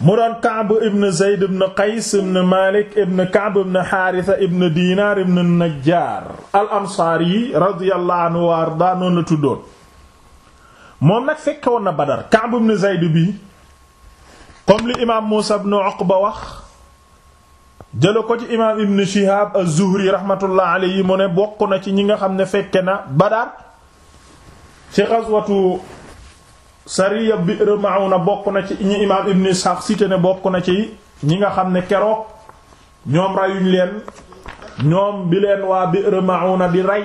mu doon Kaab ibn Zayd ibn Qays ibn Malik ibn Kaab ibn Haarisa ibn Diinaar ibn Najjaar al ansaari radiyallahu wa ardaa noonu la tuddoon moom nag fekke woon na Badar Kaab ibn Zayd bi comme li imaam Muusaa ibn Uqba wax jëla ko ci imaam ibn Shihaab az-Zuhri rahmatullah alayhi mu ne bokk na ci ñi nga xam ne fekke na Badar ci ghazwatu sariya Bi'r Ma'una bokk na ci ñi imaam Ibn Ishaq cité bokk na ci ñi nga xam ne keroog ñoom reyuñ leen ñoom bi leen waa bi Ma'una di rey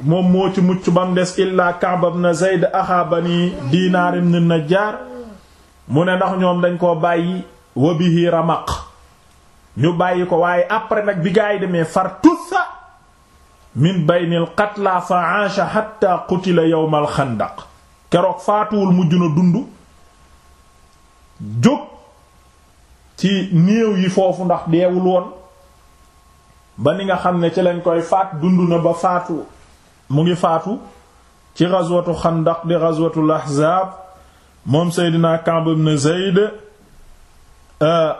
moom moo ci mucc bam des illaa Ka'b na Zayd axaa Bani Dinaar ibn Najjaar mu ne ndax ñoom dañ koo bàyyi wa bihi ramaq ñu bàyyi ko waaye après nag bi gaa yi demee far tussa min baynil qatlaa fa 'aasha hatta qutila yawmal xandaq keroog faatuwul mujj na dund jóg ci néew yi foofu ndax deewul woon ba ni nga xam ne ci lañ koy faat dund na ba faatu mu ngi faatu ci ghazwatu xandaq di ghazwatul ahzaab moom seydina Ka'b ibn Zayd euh,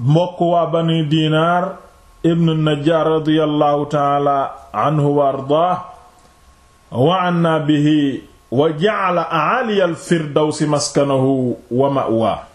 mbokk waa bani dinaar ibn najjar radiyallahu taala anhu wa ardaah wa anna bihi wa ja'ala a'ali al-firdawsi maskanahu wa ma'waa